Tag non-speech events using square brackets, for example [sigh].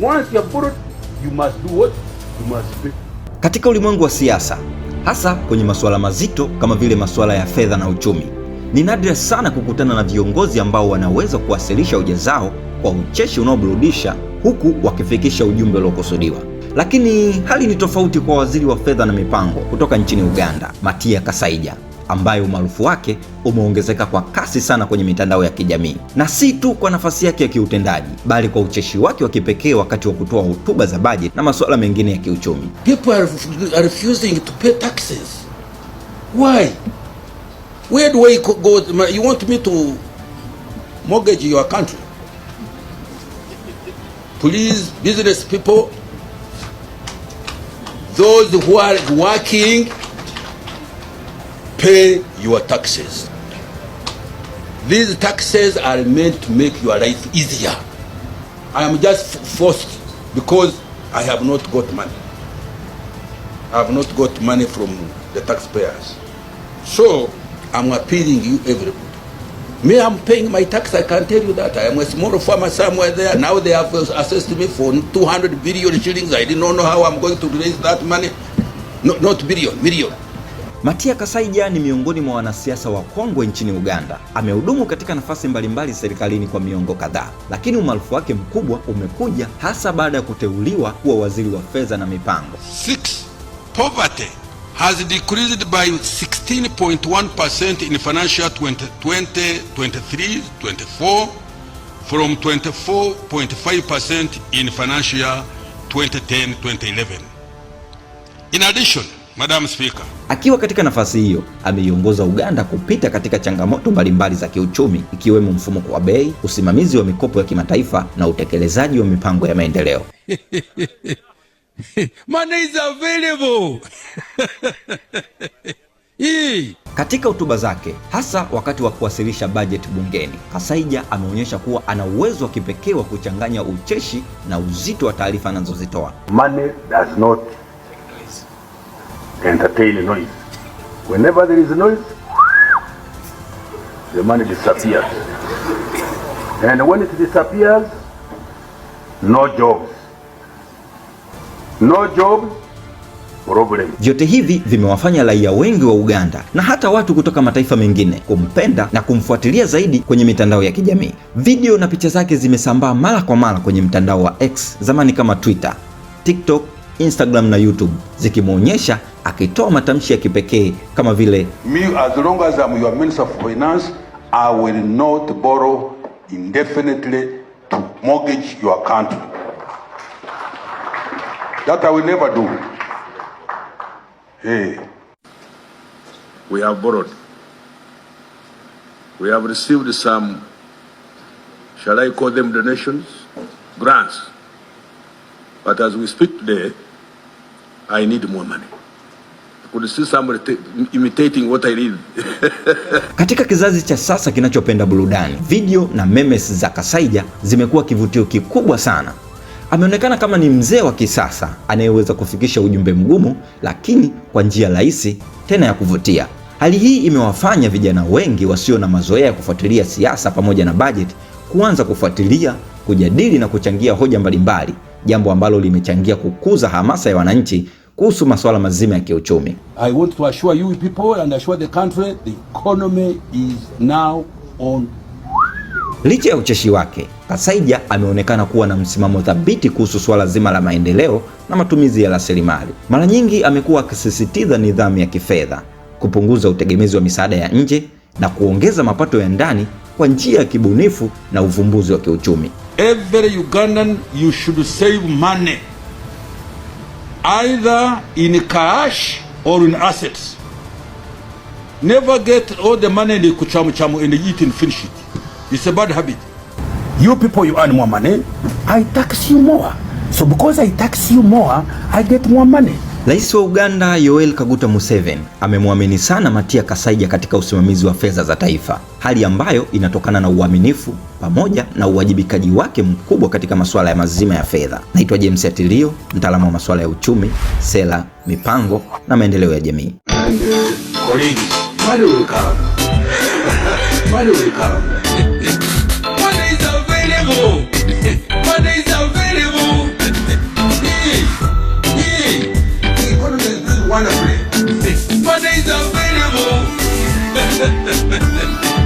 Once you you must do what? You must pay. Katika ulimwengu wa siasa, hasa kwenye masuala mazito kama vile masuala ya fedha na uchumi, ni nadra sana kukutana na viongozi ambao wanaweza kuwasilisha hoja zao kwa ucheshi unaoburudisha huku wakifikisha ujumbe uliokusudiwa. Lakini hali ni tofauti kwa waziri wa fedha na mipango kutoka nchini Uganda, Matia Kasaija ambaye umaarufu wake umeongezeka kwa kasi sana kwenye mitandao ya kijamii, na si tu kwa nafasi yake ya kiutendaji, bali kwa ucheshi wake wa kipekee wakati wa kutoa hotuba za bajeti na masuala mengine ya kiuchumi. People are, are refusing to pay taxes. Why? Where do I go? You want me to mortgage your country? Please, business people, those who are working pay your taxes. These taxes are meant to make your life easier. I am just forced because I have not got money. I have not got money from the taxpayers. So I'm appealing you everybody. Me, I'm paying my tax. I can tell you that. I am a small farmer somewhere there. Now they have assessed me for 200 billion shillings. I did not know how I'm going to raise that money. No, not billion, million. Matia Kasaija ni miongoni mwa wanasiasa wakongwe nchini Uganda. Amehudumu katika nafasi mbalimbali serikalini kwa miongo kadhaa, lakini umaarufu wake mkubwa umekuja hasa baada ya kuteuliwa kuwa waziri wa fedha na mipango. Six, poverty has decreased by 16.1% in financial 2023-24 from 24.5% in financial 2010-2011. In addition, Madam Speaker. akiwa katika nafasi hiyo ameiongoza Uganda kupita katika changamoto mbalimbali za kiuchumi ikiwemo mfumuko wa bei, usimamizi wa mikopo ya kimataifa na utekelezaji wa mipango ya maendeleo. [laughs] Money is available. [laughs] Katika hotuba zake hasa wakati wa kuwasilisha bajeti bungeni, Kasaija ameonyesha kuwa ana uwezo wa kipekee wa kuchanganya ucheshi na uzito wa taarifa anazozitoa. Money does not entertain noise. Whenever there is noise, the money disappears. And when it disappears, no jobs. No jobs. Vyote hivi vimewafanya raia wengi wa Uganda na hata watu kutoka mataifa mengine kumpenda na kumfuatilia zaidi kwenye mitandao ya kijamii. Video na picha zake zimesambaa mara kwa mara kwenye mtandao wa X, zamani kama Twitter, TikTok, Instagram na YouTube, zikimwonyesha akitoa matamshi ya kipekee kama vile Me, as long as I'm your minister of finance, I will not borrow indefinitely to mortgage your country. That I will never do. Hey. We have borrowed. We have received some, shall I call them donations? Grants. But as we speak today, I need more money could see somebody imitating what I did. [laughs] Katika kizazi cha sasa kinachopenda burudani, video na memes za Kasaija zimekuwa kivutio kikubwa sana. Ameonekana kama ni mzee wa kisasa anayeweza kufikisha ujumbe mgumu, lakini kwa njia rahisi tena ya kuvutia. Hali hii imewafanya vijana wengi wasio na mazoea ya kufuatilia siasa pamoja na bajeti kuanza kufuatilia, kujadili na kuchangia hoja mbalimbali, jambo ambalo limechangia kukuza hamasa ya wananchi kuhusu masuala mazima ya kiuchumi. I want to assure you people and assure the country the economy is now on. Licha ya ucheshi wake, Kasaija ameonekana kuwa na msimamo thabiti kuhusu suala zima la maendeleo na matumizi ya rasilimali. Mara nyingi amekuwa akisisitiza nidhamu ya kifedha, kupunguza utegemezi wa misaada ya nje na kuongeza mapato ya ndani kwa njia ya kibunifu na uvumbuzi wa kiuchumi. Every Ugandan you should save money either in cash or in assets. Never get all the money in the kuchamu chamu and eat and finish it. It's a bad habit. You people, you earn more money. I tax you more. So because I tax you more, I get more money. Rais wa Uganda Yoweri Kaguta Museveni amemwamini sana Matia Kasaija katika usimamizi wa fedha za taifa, hali ambayo inatokana na uaminifu pamoja na uwajibikaji wake mkubwa katika masuala ya mazima ya fedha. Naitwa James Atilio, mtaalamu wa masuala ya uchumi, sera, mipango na maendeleo ya jamii. [laughs] nothing's available. [laughs]